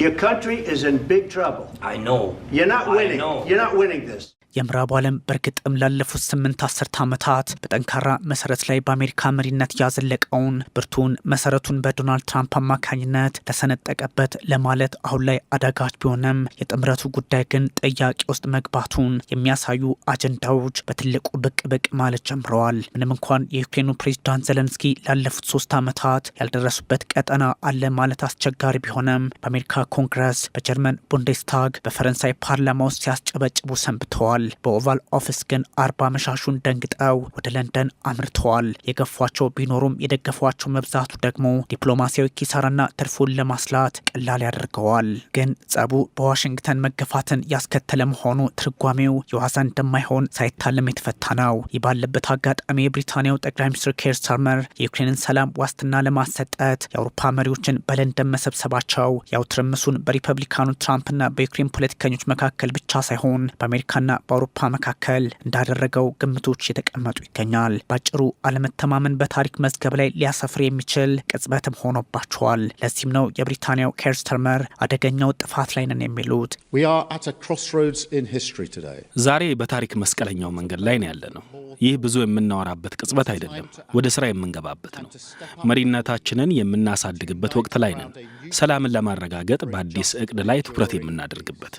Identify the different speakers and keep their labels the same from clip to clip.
Speaker 1: Your country is in big trouble. I know. You're not winning. You're not winning this.
Speaker 2: የምዕራቡ ዓለም በእርግጥም ላለፉት ስምንት አስርት ዓመታት በጠንካራ መሰረት ላይ በአሜሪካ መሪነት ያዘለቀውን ብርቱን መሰረቱን በዶናልድ ትራምፕ አማካኝነት ተሰነጠቀበት ለማለት አሁን ላይ አዳጋች ቢሆንም የጥምረቱ ጉዳይ ግን ጥያቄ ውስጥ መግባቱን የሚያሳዩ አጀንዳዎች በትልቁ ብቅ ብቅ ማለት ጀምረዋል። ምንም እንኳን የዩክሬኑ ፕሬዚዳንት ዘለንስኪ ላለፉት ሶስት ዓመታት ያልደረሱበት ቀጠና አለ ማለት አስቸጋሪ ቢሆንም በአሜሪካ ኮንግረስ፣ በጀርመን ቡንደስታግ፣ በፈረንሳይ ፓርላማ ውስጥ ሲያስጨበጭቡ ሰንብተዋል። ተገኝተዋል። በኦቫል ኦፊስ ግን አርባ መሻሹን ደንግጠው ወደ ለንደን አምርተዋል። የገፏቸው ቢኖሩም የደገፏቸው መብዛቱ ደግሞ ዲፕሎማሲያዊ ኪሳራና ትርፉን ለማስላት ቀላል ያደርገዋል። ግን ጸቡ በዋሽንግተን መገፋትን ያስከተለ መሆኑ ትርጓሜው የዋዛ እንደማይሆን ሳይታለም የተፈታ ነው። ይህ ባለበት አጋጣሚ የብሪታንያው ጠቅላይ ሚኒስትር ኬር ስታርመር የዩክሬንን ሰላም ዋስትና ለማሰጠት የአውሮፓ መሪዎችን በለንደን መሰብሰባቸው ያው ትርምሱን በሪፐብሊካኑ ትራምፕና በዩክሬን ፖለቲከኞች መካከል ብቻ ሳይሆን በአሜሪካና በአውሮፓ መካከል እንዳደረገው ግምቶች የተቀመጡ ይገኛል። ባጭሩ አለመተማመን በታሪክ መዝገብ ላይ ሊያሰፍር የሚችል ቅጽበትም ሆኖባቸዋል። ለዚህም ነው የብሪታንያው ኬር አደገኛው ጥፋት ላይ ነን የሚሉት።
Speaker 3: ዛሬ በታሪክ መስቀለኛው መንገድ ላይ ነው ያለ ነው። ይህ ብዙ የምናወራበት ቅጽበት አይደለም፣ ወደ ስራ የምንገባበት ነው። መሪነታችንን የምናሳድግበት ወቅት ላይ ነን። ሰላምን ለማረጋገጥ በአዲስ እቅድ ላይ ትኩረት የምናደርግበት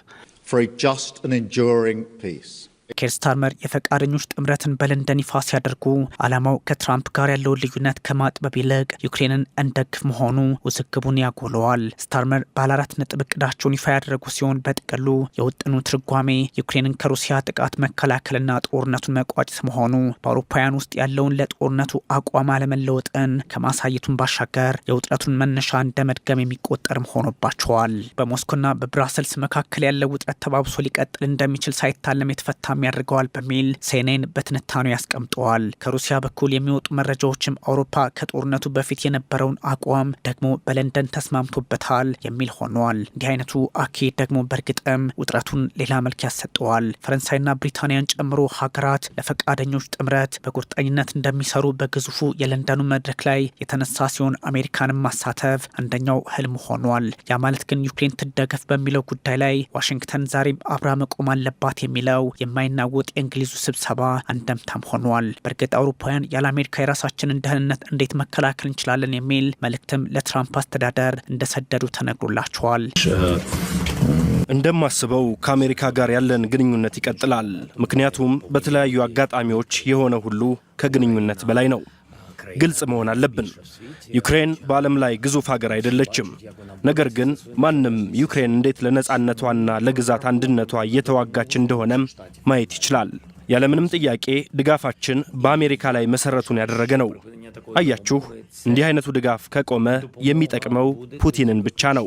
Speaker 4: for a just and enduring peace.
Speaker 2: ኬር ስታርመር የፈቃደኞች ጥምረትን በለንደን ይፋ ሲያደርጉ ዓላማው ከትራምፕ ጋር ያለውን ልዩነት ከማጥበብ ይልቅ ዩክሬንን እንደግፍ መሆኑ ውዝግቡን ያጎለዋል። ስታርመር ባለአራት ነጥብ እቅዳቸውን ይፋ ያደረጉ ሲሆን በጥቅሉ የውጥኑ ትርጓሜ ዩክሬንን ከሩሲያ ጥቃት መከላከልና ጦርነቱን መቋጨት መሆኑ በአውሮፓውያን ውስጥ ያለውን ለጦርነቱ አቋም አለመለወጥን ከማሳየቱን ባሻገር የውጥረቱን መነሻ እንደ መድገም የሚቆጠርም ሆኖባቸዋል። በሞስኮና በብራሰልስ መካከል ያለው ውጥረት ተባብሶ ሊቀጥል እንደሚችል ሳይታለም የተፈታ እንዲቆም ያደርገዋል በሚል ሴኔን በትንታኑ ያስቀምጠዋል። ከሩሲያ በኩል የሚወጡ መረጃዎችም አውሮፓ ከጦርነቱ በፊት የነበረውን አቋም ደግሞ በለንደን ተስማምቶበታል የሚል ሆኗል። እንዲህ አይነቱ አካሄድ ደግሞ በእርግጥም ውጥረቱን ሌላ መልክ ያሰጠዋል። ፈረንሳይና ብሪታንያን ጨምሮ ሀገራት ለፈቃደኞች ጥምረት በቁርጠኝነት እንደሚሰሩ በግዙፉ የለንደኑ መድረክ ላይ የተነሳ ሲሆን አሜሪካንም ማሳተፍ አንደኛው ህልም ሆኗል። ያ ማለት ግን ዩክሬን ትደገፍ በሚለው ጉዳይ ላይ ዋሽንግተን ዛሬም አብራ መቆም አለባት የሚለው የማይ የማይናወጥ የእንግሊዙ ስብሰባ አንደምታም ሆኗል። በእርግጥ አውሮፓውያን ያለ አሜሪካ የራሳችንን ደህንነት እንዴት መከላከል እንችላለን የሚል መልእክትም ለትራምፕ አስተዳደር እንደሰደዱ ተነግሮላቸዋል።
Speaker 5: እንደማስበው ከአሜሪካ ጋር ያለን ግንኙነት ይቀጥላል። ምክንያቱም በተለያዩ አጋጣሚዎች የሆነ ሁሉ ከግንኙነት በላይ ነው። ግልጽ መሆን አለብን። ዩክሬን በዓለም ላይ ግዙፍ ሀገር አይደለችም። ነገር ግን ማንም ዩክሬን እንዴት ለነፃነቷና ለግዛት አንድነቷ እየተዋጋች እንደሆነ ማየት ይችላል። ያለምንም ጥያቄ ድጋፋችን በአሜሪካ ላይ መሰረቱን ያደረገ ነው። አያችሁ፣ እንዲህ አይነቱ ድጋፍ ከቆመ የሚጠቅመው ፑቲንን ብቻ ነው።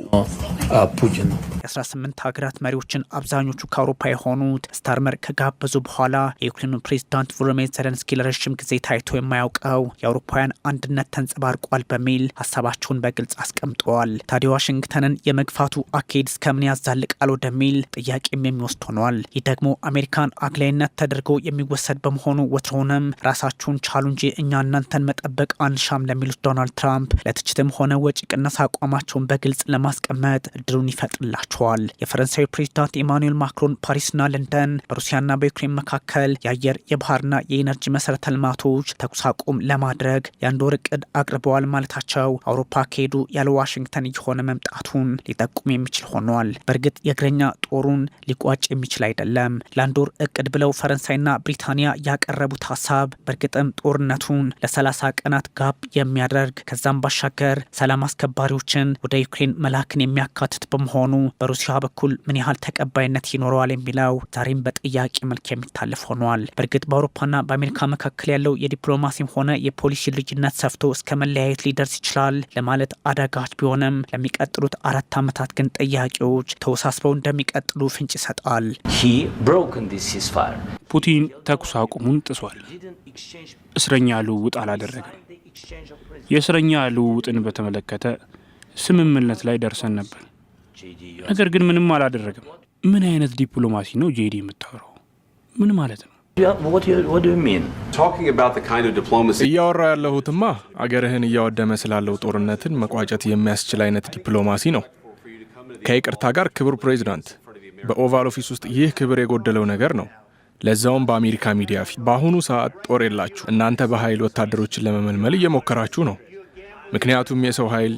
Speaker 2: 18 ሀገራት መሪዎችን አብዛኞቹ ከአውሮፓ የሆኑት ስታርመር ከጋበዙ በኋላ የዩክሬኑ ፕሬዚዳንት ቮሎሜር ዘለንስኪ ለረዥም ጊዜ ታይቶ የማያውቀው የአውሮፓውያን አንድነት ተንጸባርቋል በሚል ሀሳባቸውን በግልጽ አስቀምጠዋል። ታዲያ ዋሽንግተንን የመግፋቱ አካሄድ እስከምን ያዛልቃል ወደሚል ጥያቄም የሚወስድ ሆኗል። ይህ ደግሞ አሜሪካን አግላይነት ተደርጎ የሚወሰድ በመሆኑ ወትሮውንም ራሳችሁን ቻሉ እንጂ እኛ እናንተን መጠበቅ አንሻም ለሚሉት ዶናልድ ትራምፕ ለትችትም ሆነ ወጪ ቅነሳ አቋማቸውን በግልጽ ለማስቀመጥ እድሉን ይፈጥርላቸው አድርጓቸዋል። የፈረንሳዊ ፕሬዚዳንት ኢማኑኤል ማክሮን ፓሪስና ለንደን በሩሲያና በዩክሬን መካከል የአየር የባህርና የኤነርጂ መሰረተ ልማቶች ተኩስ አቁም ለማድረግ የአንድ ወር እቅድ አቅርበዋል ማለታቸው አውሮፓ ከሄዱ ያለ ዋሽንግተን እየሆነ መምጣቱን ሊጠቁም የሚችል ሆኗል። በእርግጥ የእግረኛ ጦሩን ሊቋጭ የሚችል አይደለም። ለአንድ ወር እቅድ ብለው ፈረንሳይና ብሪታንያ ያቀረቡት ሀሳብ በእርግጥም ጦርነቱን ለሰላሳ ቀናት ጋብ የሚያደርግ ከዛም ባሻገር ሰላም አስከባሪዎችን ወደ ዩክሬን መላክን የሚያካትት በመሆኑ በሩሲያ በኩል ምን ያህል ተቀባይነት ይኖረዋል የሚለው ዛሬም በጥያቄ መልክ የሚታለፍ ሆኗል። በእርግጥ በአውሮፓና በአሜሪካ መካከል ያለው የዲፕሎማሲም ሆነ የፖሊሲ ልዩነት ሰፍቶ እስከ መለያየት ሊደርስ ይችላል ለማለት አዳጋች ቢሆንም ለሚቀጥሉት አራት ዓመታት ግን ጥያቄዎች ተወሳስበው እንደሚቀጥሉ ፍንጭ ይሰጣል።
Speaker 6: ፑቲን ተኩስ አቁሙን ጥሷል። እስረኛ ልውውጥ አላደረገም። የእስረኛ ልውውጥን በተመለከተ ስምምነት ላይ ደርሰን ነበር። ነገር ግን ምንም አላደረግም። ምን አይነት ዲፕሎማሲ ነው ጄዲ የምታወራው? ምን ማለት ነው?
Speaker 7: እያወራ ያለሁትማ አገርህን እያወደመ ስላለው ጦርነትን መቋጨት የሚያስችል አይነት ዲፕሎማሲ ነው። ከይቅርታ ጋር ክቡር ፕሬዚዳንት፣ በኦቫል ኦፊስ ውስጥ ይህ ክብር የጎደለው ነገር ነው። ለዛውም በአሜሪካ ሚዲያ ፊት። በአሁኑ ሰዓት ጦር የላችሁ እናንተ በኃይል ወታደሮችን ለመመልመል እየሞከራችሁ ነው። ምክንያቱም የሰው ኃይል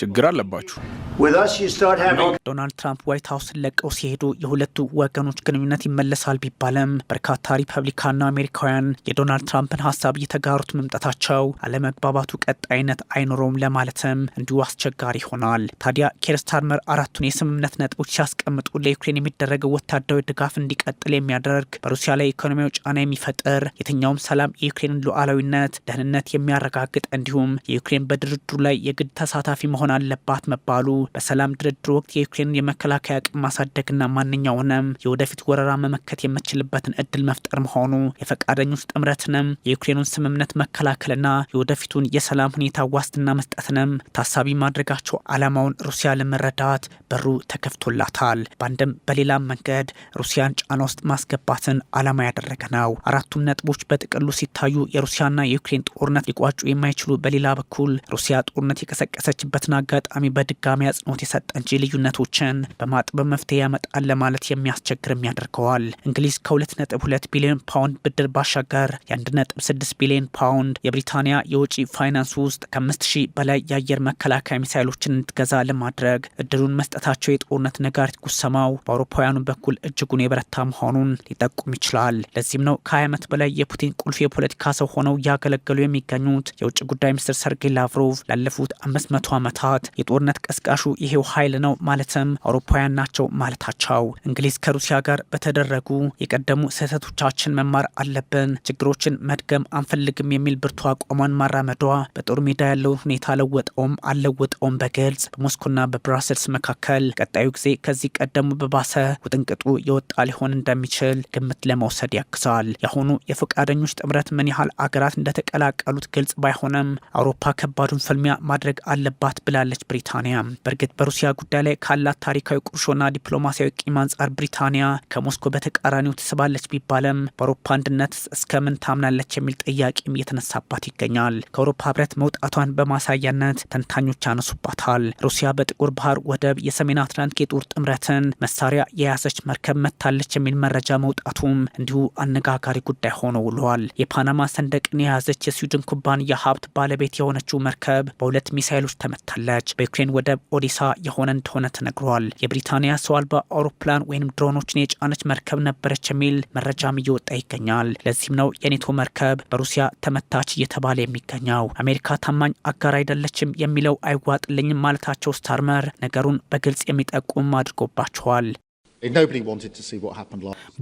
Speaker 7: ችግር አለባችሁ።
Speaker 2: ዶናልድ ትራምፕ ዋይት ሀውስን ለቀው ሲሄዱ የሁለቱ ወገኖች ግንኙነት ይመለሳል ቢባልም በርካታ ሪፐብሊካና አሜሪካውያን የዶናልድ ትራምፕን ሀሳብ እየተጋሩት መምጣታቸው አለመግባባቱ ቀጣይነት አይኖረውም ለማለትም እንዲሁ አስቸጋሪ ይሆናል። ታዲያ ኬር ስታርመር አራቱን የስምምነት ነጥቦች ሲያስቀምጡ ለዩክሬን የሚደረገው ወታደራዊ ድጋፍ እንዲቀጥል የሚያደርግ በሩሲያ ላይ ኢኮኖሚያዊ ጫና የሚፈጥር የትኛውም ሰላም የዩክሬንን ሉዓላዊነት ደህንነት የሚያረጋግጥ እንዲሁም የዩክሬን በድርድሩ ላይ የግድ ተሳታፊ መሆን አለባት መባሉ በሰላም ድርድር ወቅት የዩክሬንን የመከላከያ አቅም ማሳደግና ማንኛውንም የወደፊት ወረራ መመከት የምትችልበትን እድል መፍጠር መሆኑ የፈቃደኞች ጥምረትንም የዩክሬኑን ስምምነት መከላከልና የወደፊቱን የሰላም ሁኔታ ዋስትና መስጠትንም ታሳቢ ማድረጋቸው ዓላማውን ሩሲያ ለመረዳት በሩ ተከፍቶላታል። በአንድም በሌላም መንገድ ሩሲያን ጫና ውስጥ ማስገባትን ዓላማ ያደረገ ነው። አራቱም ነጥቦች በጥቅሉ ሲታዩ የሩሲያና የዩክሬን ጦርነት ሊቋጩ የማይችሉ በሌላ በኩል ሩሲያ ጦርነት የቀሰቀሰችበትን አጋጣሚ በድጋሚ አጽንኦት የሰጠ እንጂ ልዩነቶችን በማጥበብ መፍትሄ ያመጣል ለማለት የሚያስቸግርም ያደርገዋል። እንግሊዝ ከ2.2 ቢሊዮን ፓውንድ ብድር ባሻገር የ1.6 ቢሊዮን ፓውንድ የብሪታንያ የውጪ ፋይናንስ ውስጥ ከ5000 በላይ የአየር መከላከያ ሚሳይሎችን እንድትገዛ ለማድረግ እድሉን መስጠታቸው የጦርነት ነጋሪት ጉሰማው በአውሮፓውያኑ በኩል እጅጉን የበረታ መሆኑን ሊጠቁም ይችላል። ለዚህም ነው ከ20 ዓመት በላይ የፑቲን ቁልፍ የፖለቲካ ሰው ሆነው እያገለገሉ የሚገኙት የውጭ ጉዳይ ሚኒስትር ሰርጌይ ላቭሮቭ ላለፉት 500 ዓመታት የጦርነት ቀስቃሽ ቀስቃሹ ይሄው ኃይል ነው ማለትም አውሮፓውያን ናቸው ማለታቸው። እንግሊዝ ከሩሲያ ጋር በተደረጉ የቀደሙ ስህተቶቻችን መማር አለብን፣ ችግሮችን መድገም አንፈልግም የሚል ብርቱ አቋሟን ማራመዷ በጦር ሜዳ ያለውን ሁኔታ ለወጠውም አለወጠውም በግልጽ በሞስኮና በብራሰልስ መካከል ቀጣዩ ጊዜ ከዚህ ቀደሙ በባሰ ውጥንቅጡ የወጣ ሊሆን እንደሚችል ግምት ለመውሰድ ያግዛል። የአሁኑ የፈቃደኞች ጥምረት ምን ያህል አገራት እንደተቀላቀሉት ግልጽ ባይሆንም አውሮፓ ከባዱን ፍልሚያ ማድረግ አለባት ብላለች ብሪታንያ። በእርግጥ በሩሲያ ጉዳይ ላይ ካላት ታሪካዊ ቁርሾና ዲፕሎማሲያዊ ቂም አንጻር ብሪታንያ ከሞስኮ በተቃራኒው ትስባለች ቢባለም በአውሮፓ አንድነት እስከምን ታምናለች የሚል ጥያቄም እየተነሳባት ይገኛል። ከአውሮፓ ህብረት መውጣቷን በማሳያነት ተንታኞች ያነሱባታል። ሩሲያ በጥቁር ባህር ወደብ የሰሜን አትላንቲክ የጦር ጥምረትን መሳሪያ የያዘች መርከብ መታለች የሚል መረጃ መውጣቱም እንዲሁ አነጋጋሪ ጉዳይ ሆኖ ውሏል። የፓናማ ሰንደቅን የያዘች የስዊድን ኩባንያ ሀብት ባለቤት የሆነችው መርከብ በሁለት ሚሳይሎች ተመታለች። በዩክሬን ወደብ ኦዲሳ የሆነ እንደሆነ ተነግሯል። የብሪታንያ ሰው አልባ አውሮፕላን ወይም ድሮኖችን የጫነች መርከብ ነበረች የሚል መረጃም እየወጣ ይገኛል። ለዚህም ነው የኔቶ መርከብ በሩሲያ ተመታች እየተባለ የሚገኘው። አሜሪካ ታማኝ አጋር አይደለችም የሚለው አይዋጥልኝም ማለታቸው ስታርመር ነገሩን በግልጽ የሚጠቁም አድርጎባቸዋል።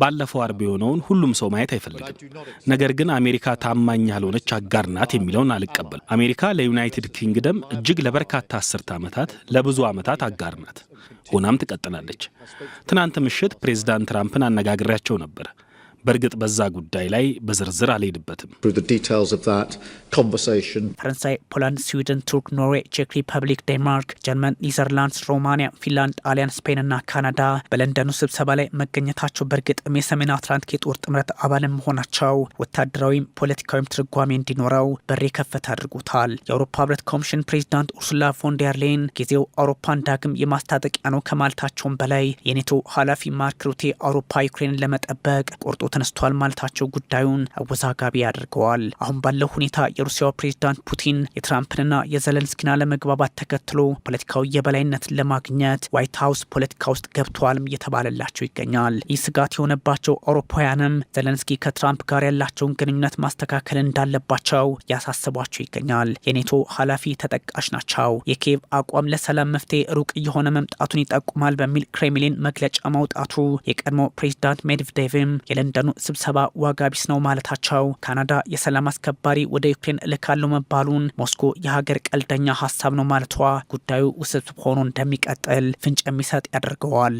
Speaker 8: ባለፈው አርብ የሆነውን ሁሉም ሰው ማየት አይፈልግም። ነገር ግን አሜሪካ ታማኝ ያልሆነች አጋር ናት የሚለውን አልቀበልም። አሜሪካ ለዩናይትድ ኪንግደም እጅግ ለበርካታ አስርተ ዓመታት፣ ለብዙ ዓመታት አጋር ናት ሆናም ትቀጥላለች። ትናንት ምሽት ፕሬዚዳንት ትራምፕን አነጋግሬያቸው ነበር። በእርግጥ በዛ ጉዳይ ላይ በዝርዝር አልሄድበትም።
Speaker 9: ፈረንሳይ፣ ፖላንድ፣ ስዊድን፣ ቱርክ፣ ኖርዌይ፣ ቼክ ሪፐብሊክ፣ ዴንማርክ፣ ጀርመን፣ ኒዘርላንድስ፣ ሮማንያ፣ ፊንላንድ፣ ጣሊያን፣ ስፔን እና ካናዳ በለንደኑ ስብሰባ ላይ መገኘታቸው በእርግጥም የሰሜን አትላንቲክ የጦር ጥምረት አባልን መሆናቸው ወታደራዊም ፖለቲካዊም ትርጓሜ እንዲኖረው በር የከፈተ አድርጎታል። የአውሮፓ ህብረት ኮሚሽን ፕሬዚዳንት ኡርሱላ ፎንደርሌን ጊዜው አውሮፓን ዳግም የማስታጠቂያ ነው ከማለታቸውም በላይ የኔቶ ኃላፊ ማርክ ሩቴ አውሮፓ ዩክሬንን ለመጠበቅ ቆርጦ ተነስተዋል ማለታቸው ጉዳዩን አወዛጋቢ ያደርገዋል። አሁን ባለው ሁኔታ የሩሲያው ፕሬዚዳንት ፑቲን የትራምፕንና የዘለንስኪን አለመግባባት ተከትሎ ፖለቲካዊ የበላይነትን ለማግኘት ዋይት ሀውስ ፖለቲካ ውስጥ ገብተዋልም እየተባለላቸው ይገኛል። ይህ ስጋት የሆነባቸው አውሮፓውያንም ዘለንስኪ ከትራምፕ ጋር ያላቸውን ግንኙነት ማስተካከል እንዳለባቸው ያሳስቧቸው ይገኛል። የኔቶ ኃላፊ ተጠቃሽ ናቸው። የኪየቭ አቋም ለሰላም መፍትሄ ሩቅ እየሆነ መምጣቱን ይጠቁማል በሚል ክሬምሊን መግለጫ ማውጣቱ የቀድሞ ፕሬዚዳንት ሜድቬዴቭም የለንደ የለንደኑ ስብሰባ ዋጋ ቢስ ነው ማለታቸው፣ ካናዳ የሰላም አስከባሪ ወደ ዩክሬን እልካሉ መባሉን፣ ሞስኮ የሀገር ቀልደኛ ሀሳብ ነው ማለቷ ጉዳዩ ውስብስብ ሆኖ እንደሚቀጥል ፍንጭ የሚሰጥ ያደርገዋል።